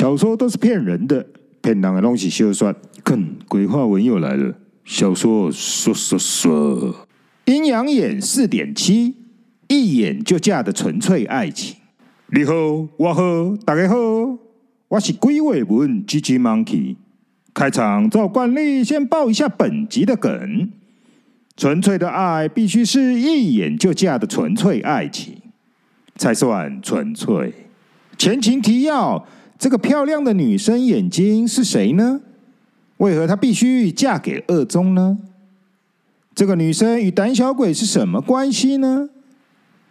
小說都是騙人的，騙人的東西就是小說。看，鬼話文又來了。小說說說陰陽眼四點七，一眼就嫁的純粹愛情。你好，我好，大家好，我是鬼話文 GG Monkey。開場照慣例，先報一下本集的梗：純粹的愛必須是一眼就嫁的純粹愛情，才算純粹。前情提要。這個漂亮的女生眼睛是誰呢？為何她必須嫁給二中呢？這個女生與膽小鬼是什麼關係呢？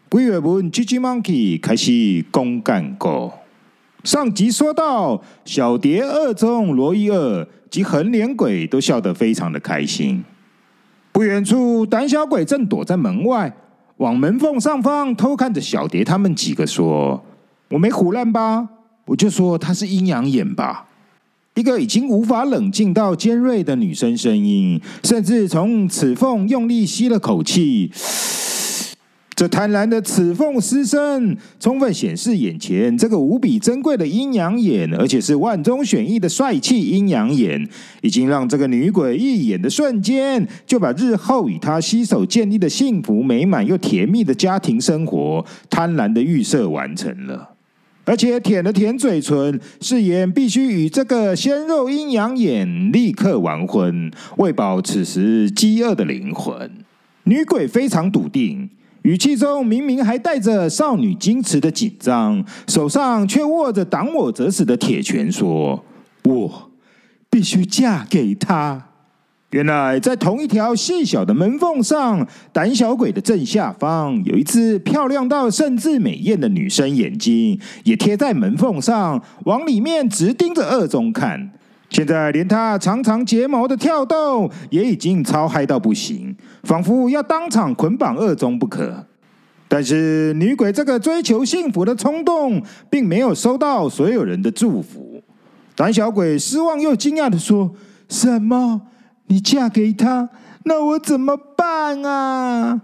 鬼話文 GG Monkey 開始公干狗。上集說到，小蝶、二中、羅伊爾及橫臉鬼都笑得非常的開心。不遠處，膽小鬼正躲在門外，往門縫上方偷看着小蝶他們幾個，說：“我沒唬爛吧？”我就說她是陰陽眼吧，一個已經無法冷靜到尖銳的女生聲音，甚至從齒縫用力吸了口氣。這貪婪的齒縫嘶聲，充分顯示眼前這個無比珍貴的陰陽眼，而且是萬中選一的帥氣陰陽眼，已經讓這個女鬼一眼的瞬間，就把日後與他攜手建立的幸福美滿又甜蜜的家庭生活，貪婪的預設完成了。而且舔了舔嘴唇，誓言必須與這個鮮肉陰陽眼立刻完婚，餵飽此時飢餓的靈魂。女鬼非常篤定，語氣中明明還帶着少女矜持的緊張，手上卻握着擋我者死的鐵拳，說：“我必須嫁給他。”原來，在同一條細小的門縫上，膽小鬼的正下方有一隻漂亮到甚至美豔的女生眼睛，也貼在門縫上，往裡面直盯着二中看。現在，連她長長睫毛的跳動也已經超嗨到不行，仿佛要當場捆綁二中不可。但是，女鬼這個追求幸福的衝動，并沒有收到所有人的祝福。膽小鬼失望又驚訝的說：“什麼？”你嫁給他，那我怎麼辦啊？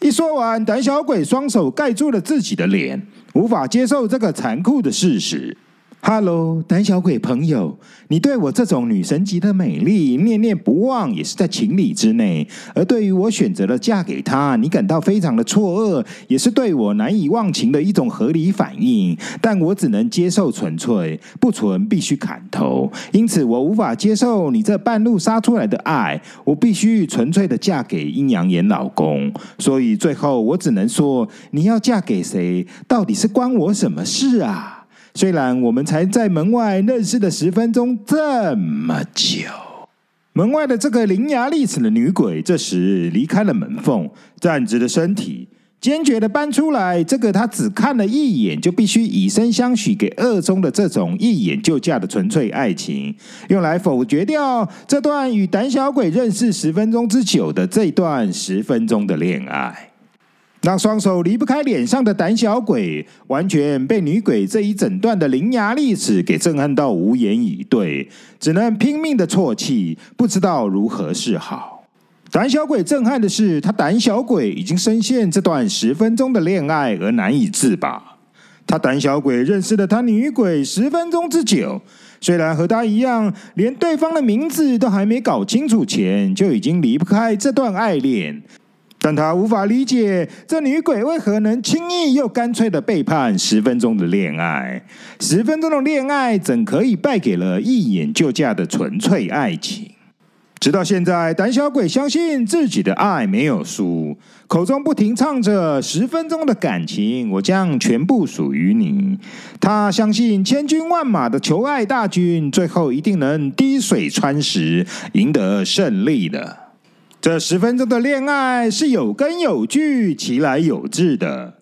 一說完，膽小鬼雙手蓋住了自己的臉，無法接受這個殘酷的事實。哈嘍，膽小鬼朋友，你對我這種女神級的美麗念念不忘，也是在情理之內；而對於我選擇了嫁給他，你感到非常的錯愕，也是對我難以忘情的一種合理反應。但我只能接受純粹，不純必須砍頭，因此我無法接受你這半路殺出來的愛。我必須純粹的嫁給陰陽眼老公，所以最後我只能說：你要嫁給誰，到底是關我什麼事啊？雖然我們才在門外認識的十分鐘這麼久，門外的這個伶牙俐齒的女鬼，這時離開了門縫，站直了身體，堅決的搬出來。這個她只看了一眼，就必須以身相許給二中的這種一眼就嫁的純粹愛情，用來否決掉這段與膽小鬼認識十分鐘之久的這段十分鐘的戀愛。讓雙手離不開臉上的膽小鬼，完全被女鬼這一整段的伶牙俐齒給震撼到無言以對，只能拼命的啜泣，不知道如何是好。膽小鬼震撼的是，他膽小鬼已經深陷這段十分鐘的戀愛而難以自拔。他膽小鬼認識了她女鬼十分鐘之久，雖然和她一樣，連對方的名字都還沒搞清楚前，就已經離不開這段愛戀。但他無法理解，這女鬼為何能輕易又乾脆的背叛十分鐘的戀愛？十分鐘的戀愛怎可以敗給了一眼就嫁的純粹愛情？直到現在，膽小鬼相信自己的愛沒有輸，口中不停唱着“十分鐘的感情，我將全部屬於你”。他相信千軍萬馬的求愛大軍，最後一定能滴水穿石，贏得勝利的。這十分鐘的戀愛是有根有據、其來有致的。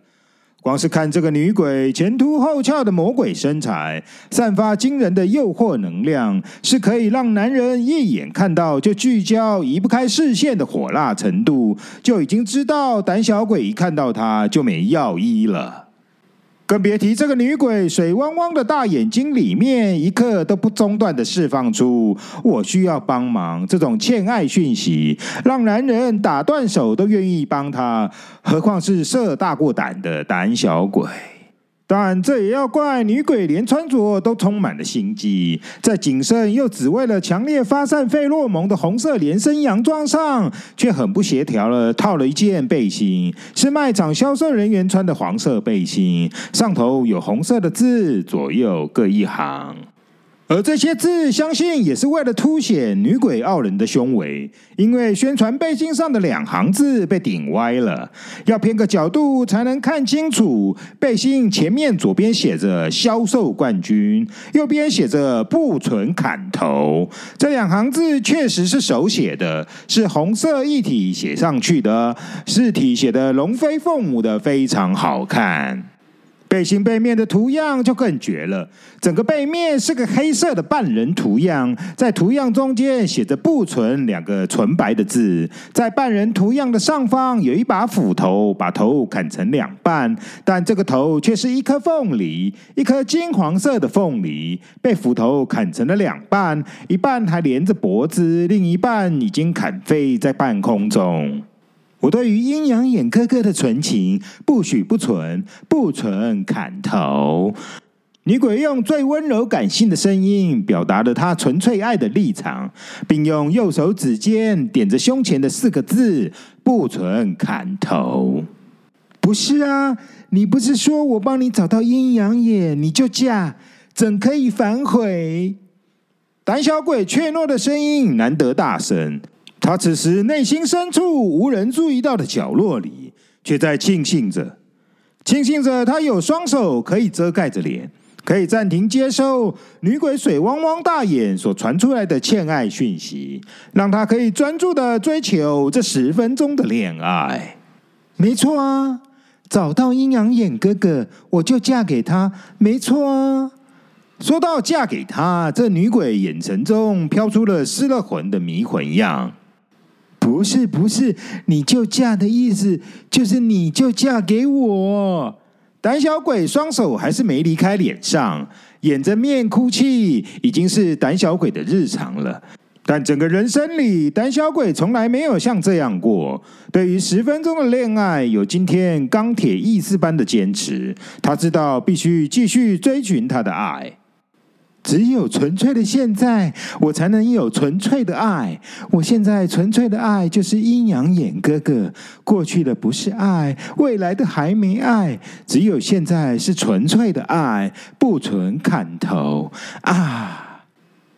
光是看這個女鬼前凸後翹的魔鬼身材，散發驚人的誘惑能量，是可以讓男人一眼看到就聚焦、移不開視線的火辣程度，就已經知道膽小鬼一看到她就沒藥醫了。更別提這個女鬼水汪汪的大眼睛裡面，一刻都不中斷的釋放出“我需要幫忙”這種欠愛訊息，讓男人打斷手都願意幫她，何況是色大過膽的膽小鬼。但這也要怪女鬼，連穿着都充滿了心機。在緊身又只為了強烈發散費洛蒙的紅色連身洋裝上，卻很不協調地套了一件背心，是賣場銷售人員穿的黃色背心，上頭有紅色的字，左右各一行。而這些字，相信也是為了凸顯女鬼傲人的胸圍，因為宣傳背心上的兩行字被頂歪了，要偏個角度才能看清楚。背心前面左邊寫着“銷售冠軍”，右邊寫着“不存砍頭”。這兩行字確實是手寫的，是紅色一體寫上去的，字體寫的龍飛鳳舞的，非常好看。背心背面的圖樣就更絕了，整個背面是個黑色的半人圖樣，在圖樣中間寫着“不純”兩個純白的字，在半人圖樣的上方有一把斧頭，把頭砍成兩半，但這個頭卻是一顆鳳梨，一顆金黃色的鳳梨被斧頭砍成了兩半，一半還連着脖子，另一半已經砍飛在半空中。我對於陰陽眼哥哥的純情，不許不純，不純砍頭。女鬼用最溫柔感性的聲音，表達了她純粹愛的立場，並用右手指尖點着胸前的四個字“不純砍頭”。不是啊，你不是說我幫你找到陰陽眼，你就嫁，怎可以反悔？膽小鬼怯懦的聲音難得大聲。他此時內心深處無人注意到的角落裡，卻在慶幸着，慶幸着他有雙手可以遮蓋着臉，可以暫停接收女鬼水汪汪大眼所傳出來的欠愛訊息，讓他可以專注地追求這十分鐘的戀愛。沒錯啊，找到陰陽眼哥哥，我就嫁給他。沒錯啊，說到嫁給他，這女鬼眼神中飄出了失了魂的迷魂樣。不是不是，你就嫁的意思就是你就嫁給我。膽小鬼雙手還是沒離開臉上，掩着面哭泣，已經是膽小鬼的日常了。但整個人生裡，膽小鬼從來沒有像這樣過。對於十分鐘的戀愛，有今天鋼鐵意志般的堅持，他知道必須繼續追尋他的愛。只有純粹的現在，我才能有純粹的愛。我現在純粹的愛就是陰陽眼哥哥。過去的不是愛，未來的還沒愛，只有現在是純粹的愛，不純砍頭啊！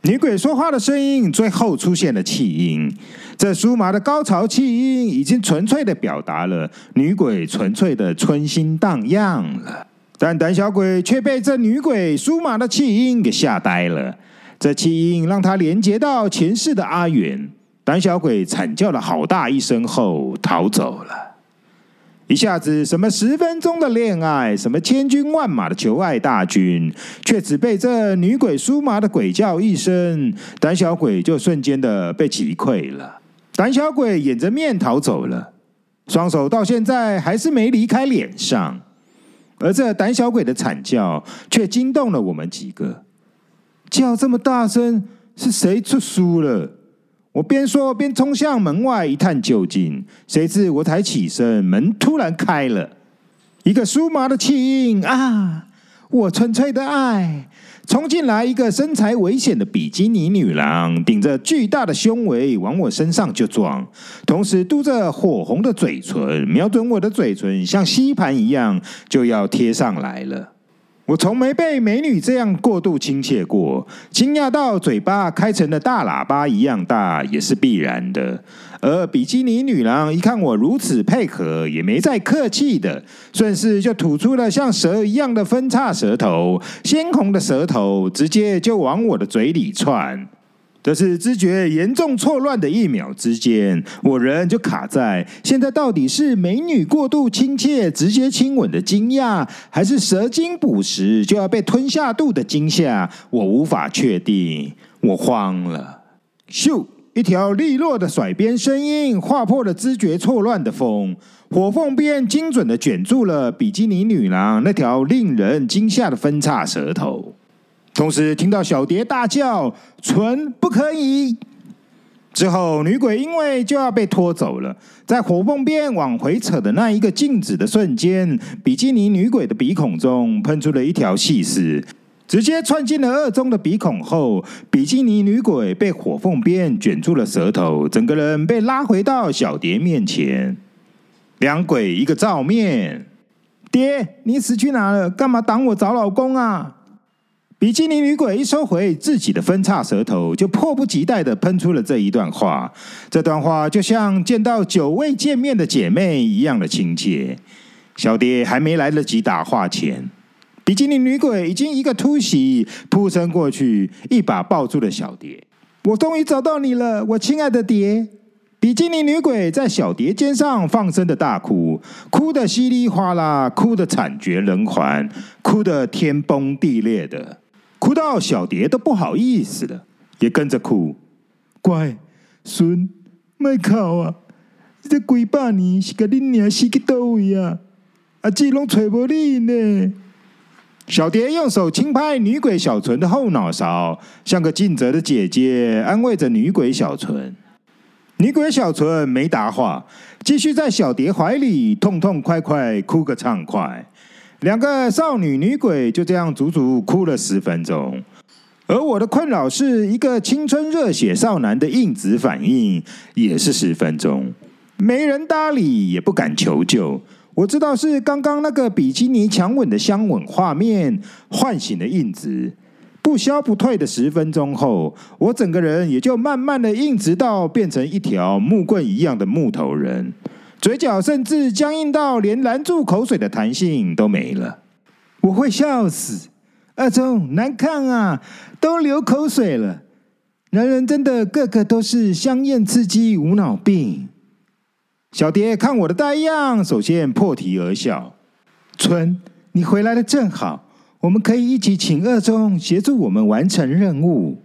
女鬼說話的聲音最後出現了氣音，這酥麻的高潮氣音已經純粹的表達了女鬼純粹的春心蕩漾了。但膽小鬼卻被這女鬼酥麻的氣音給嚇呆了。這氣音讓他連接到前世的阿遠。膽小鬼慘叫了好大一聲後逃走了。一下子，什麼十分鐘的戀愛，什麼千軍萬馬的求愛大軍，卻只被這女鬼酥麻的鬼叫一聲，膽小鬼就瞬間的被擊潰了。膽小鬼掩着面逃走了，雙手到現在還是沒離開臉上。而這膽小鬼的慘叫，卻驚動了我們幾個。叫這麼大聲，是誰出書了？我邊說邊衝向門外一探究竟。誰知我才起身，門突然開了，一個酥麻的氣音。啊！我純粹的愛，衝進來一個身材危險的比基尼女郎，頂着巨大的胸圍往我身上就撞，同時嘟着火紅的嘴唇，瞄準我的嘴唇，像吸盤一樣就要貼上來了。我從沒被美女這樣過度親切過，驚訝到嘴巴開成了大喇叭一樣大，也是必然的。而比基尼女郎一看我如此配合，也沒再客氣的，順勢就吐出了像蛇一樣的分叉舌頭，鮮紅的舌頭直接就往我的嘴裡竄。這是知覺嚴重錯亂的一秒之間，我人就卡在現在到底是美女過度親切直接親吻的驚訝，還是蛇精捕食就要被吞下肚的驚嚇？我無法確定，我慌了。咻。一條利落的甩鞭聲音劃破了知覺錯亂的風，火鳳鞭精準地捲住了比基尼女郎那條令人驚嚇的分叉舌頭。同時聽到小蝶大叫：“唇不可以！”之後，女鬼因為就要被拖走了，在火鳳鞭往回扯的那一個靜止的瞬間，比基尼女鬼的鼻孔中噴出了一條細絲。直接竄進了二中的鼻孔後，比基尼女鬼被火鳳鞭捲住了舌頭，整個人被拉回到小蝶面前。兩鬼一個照面。爹，你死去哪了？幹嘛擋我找老公啊？比基尼女鬼一收回自己的分叉舌頭，就迫不及待的噴出了這一段話。這段話就像見到久未見面的姐妹一樣的親切。小蝶還沒來得及打話前。比基尼女鬼已經一個突襲撲身過去，一把抱住了小蝶。我終於找到你了，我親愛的蝶！比基尼女鬼在小蝶肩上放聲的大哭，哭得稀里嘩啦，哭得慘絕人寰，哭得天崩地裂的，哭到小蝶都不好意思了，也跟着哭。乖，孫麥哭啊，你這幾百年是個你娘死去佗位啊？阿姊攏找無你呢。小蝶用手輕拍女鬼小純的後腦勺，像個盡責的姐姐，安慰着女鬼小純。女鬼小純沒答話，繼續在小蝶懷裡痛痛快快哭個暢快。兩個少女女鬼就這樣足足哭了十分鐘。而我的困擾是一個青春熱血少男的應激反應，也是十分鐘，沒人搭理，也不敢求救。我知道是剛剛那個比基尼強吻的香吻畫面喚醒了硬直，不消不退的十分鐘後，我整個人也就慢慢的硬直到變成一條木棍一樣的木頭人，嘴角甚至僵硬到連攔住口水的彈性都沒了。我會笑死，二中難看啊，都流口水了。男人真的個個都是香艷刺激無腦病。小蝶看我的呆樣，首先破涕而笑。純，你回來的正好，我們可以一起請二中協助我們完成任務。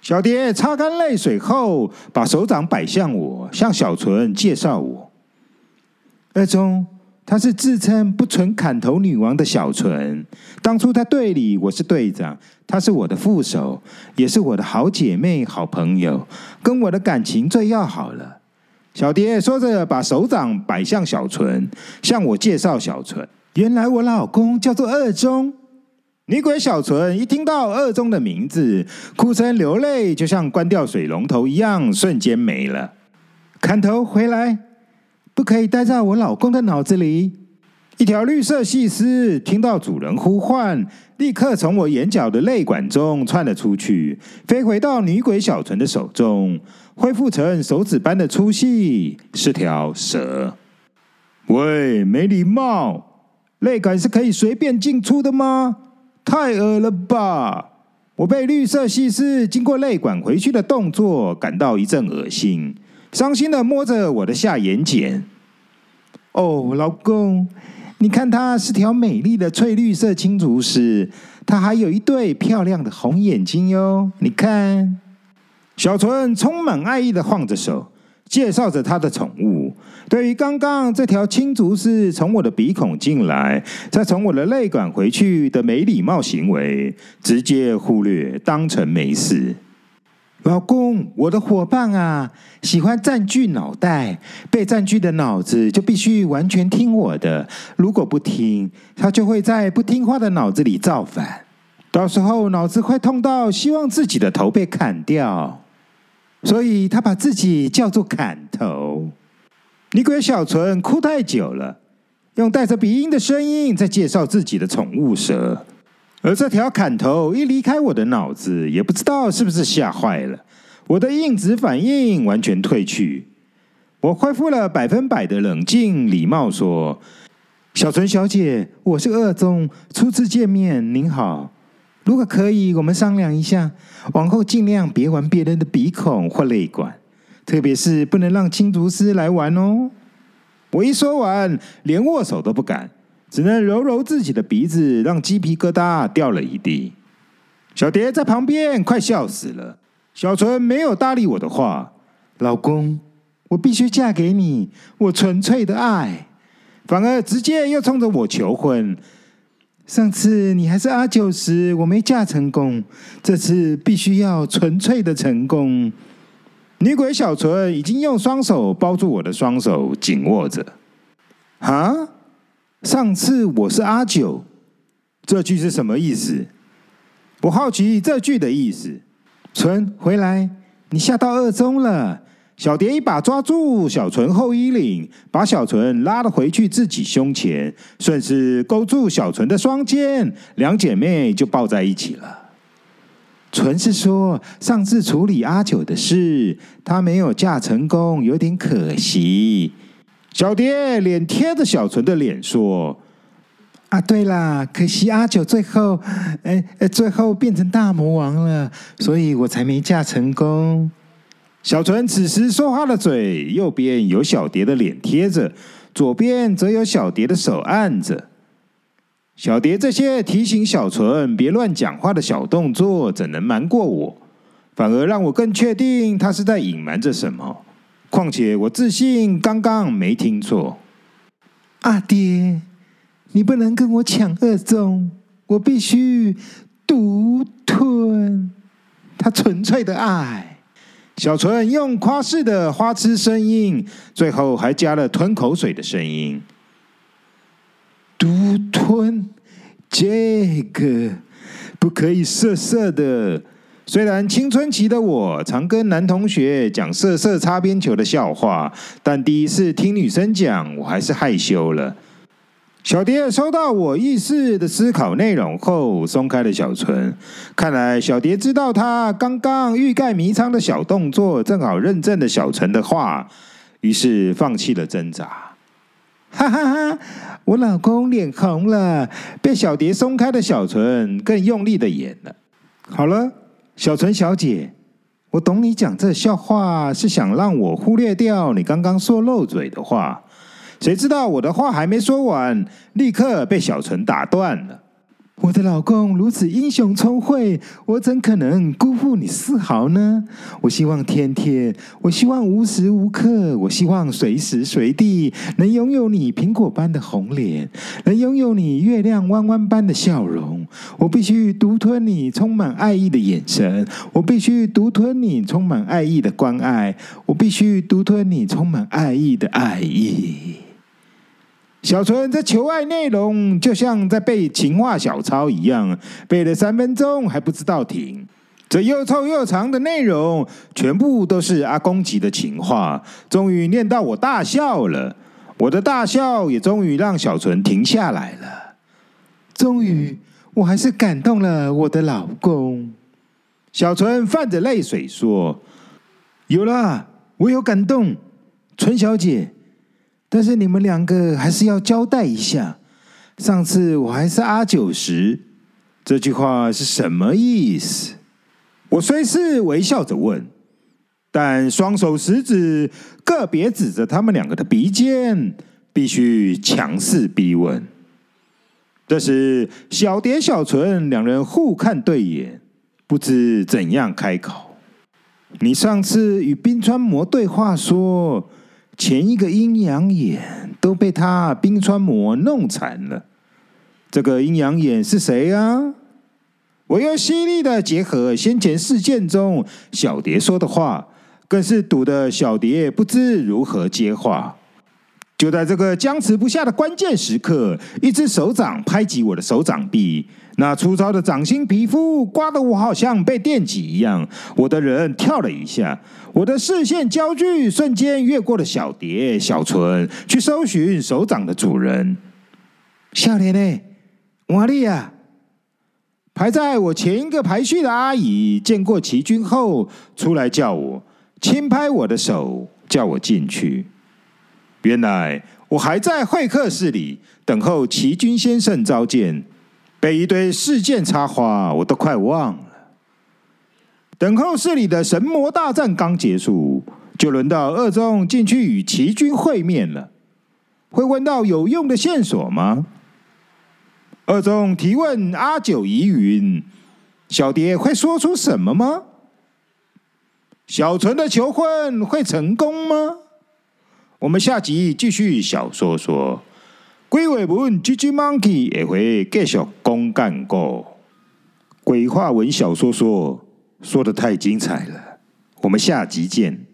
小蝶擦乾淚水後，把手掌擺向我，向小純介紹我：二中，她是自稱不純砍頭女王的小純。當初在隊裡，我是隊長，她是我的副手，也是我的好姐妹、好朋友，跟我的感情最要好了。小蝶說着，把手掌擺向小純，向我介紹小純。原來我老公叫做二中。女鬼小純一聽到二中的名字，哭聲流淚就像關掉水龍頭一樣，瞬間沒了。砍頭回來，不可以待在我老公的腦子裡。一條綠色細絲聽到主人呼喚，立刻從我眼角的淚管中竄了出去，飛回到女鬼小純的手中。恢復成手指般的粗細，是條蛇。喂，沒禮貌！淚管是可以隨便進出的嗎？太惡了吧！我被綠色細絲經過淚管回去的動作感到一陣惡心，傷心的摸着我的下眼瞼。哦，老公，你看，它是條美麗的翠綠色青竹絲，它還有一對漂亮的紅眼睛喲，你看。小純充滿愛意的晃着手，介紹着他的寵物。對於剛剛這條青竹是從我的鼻孔進來，再從我的淚管回去的沒禮貌行為，直接忽略，當成沒事。老公，我的夥伴啊，喜歡占據腦袋，被占據的腦子就必須完全聽我的，如果不聽，他就會在不聽話的腦子裡造反，到時候腦子快痛到希望自己的頭被砍掉。所以，他把自己叫做“砍頭”。女鬼小純哭太久了，用帶着鼻音的聲音在介紹自己的寵物蛇。而這條“砍頭”一離開我的腦子，也不知道是不是嚇壞了，我的應激反應完全褪去，我恢復了百分百的冷靜，禮貌說：“小純小姐，我是二中，初次見面，您好。”如果可以，我們商量一下，往後儘量別玩別人的鼻孔或淚管，特別是不能讓青竹師來玩哦。我一說完，連握手都不敢，只能揉揉自己的鼻子，讓雞皮疙瘩掉了一地。小蝶在旁邊快笑死了。小純沒有搭理我的話，老公，我必須嫁給你，我純粹的愛，反而直接又衝着我求婚。上次你還是阿九時，我沒嫁成功。這次必須要純粹的成功。女鬼小純已經用雙手包住我的雙手，緊握着。啊？上次我是阿九，這句是什麼意思？我好奇這句的意思。純，回來，你下到二中了。小蝶一把抓住小純後衣領，把小純拉了回去自己胸前，順勢勾住小純的雙肩，兩姐妹就抱在一起了。純是說上次處理阿九的事，她沒有嫁成功，有點可惜。小蝶臉貼着小純的臉說：“啊，對啦，可惜阿九最後、哎哎，最後變成大魔王了，所以我才沒嫁成功。”小純此時說話的嘴，右邊有小蝶的臉貼着，左邊則有小蝶的手按着。小蝶這些提醒小純別亂講話的小動作，怎能瞞過我？反而讓我更確定他是在隱瞞着什麼。況且我自信剛剛沒聽錯。阿爹，你不能跟我搶二中，我必須獨吞他純粹的愛。小純用誇式的花痴聲音，最後還加了吞口水的聲音。獨吞，這個不可以色色的。雖然青春期的我常跟男同學講色色擦邊球的笑話，但第一次聽女生講，我還是害羞了。小蝶收到我意識的思考內容後，鬆開了小純。看來小蝶知道他剛剛欲蓋彌彰的小動作，正好認證了小純的話，於是放棄了掙扎。哈，哈哈哈！我老公臉紅了。被小蝶鬆開的小純更用力的演了。好了，小純小姐，我懂你講這笑話是想讓我忽略掉你剛剛說漏嘴的話。誰知道我的話還沒說完，立刻被小純打斷了。我的老公如此英雄聰慧，我怎可能辜負你絲毫呢？我希望天天，我希望無時無刻，我希望隨時隨地能擁有你蘋果般的紅臉，能擁有你月亮彎彎般的笑容。我必須獨吞你充滿愛意的眼神，我必須獨吞你充滿愛意的關愛，我必須獨吞你充滿愛意的愛意。小純，這求愛內容就像在背情話小抄一樣，背了三分鐘還不知道停。這又臭又長的內容，全部都是阿公級的情話。終於念到我大笑了，我的大笑也終於讓小純停下來了。終於，我還是感動了我的老公。小純泛着淚水說：“有了，我有感動，純小姐。”但是你們兩個還是要交代一下，上次我還是阿九時，這句話是什麼意思？我雖是微笑着問，但雙手食指個別指着他們兩個的鼻尖，必須強勢逼問。這時，小蝶、小純兩人互看對眼，不知怎樣開口。你上次與冰川魔對話說，前一個陰陽眼都被他冰川魔弄殘了，這個陰陽眼是誰啊？我要犀利的結合先前事件中小蝶說的話，更是堵得小蝶不知如何接話。就在這個僵持不下的關鍵時刻，一只手掌拍擊我的手掌臂，那粗糙的掌心皮膚刮得我好像被電擊一樣。我的人跳了一下，我的視線焦距瞬間越過了小蝶、小純，去搜尋手掌的主人。笑臉呢？瓦利亞，排在我前一個排序的阿姨，見過奇君後出來叫我，輕拍我的手，叫我進去。原來我還在會客室裡等候奇君先生召見，被一堆事件插花，我都快忘了。等候室裡的神魔大戰剛結束，就輪到二中進去與奇君會面了。會問到有用的線索嗎？二中提問阿九疑雲，小蝶會說出什麼嗎？小純的求婚會成功嗎？我們下集繼續小說說，鬼話文 GGmonkey 也會繼續公幹過。鬼話文小說說說得太精彩了，我們下集見。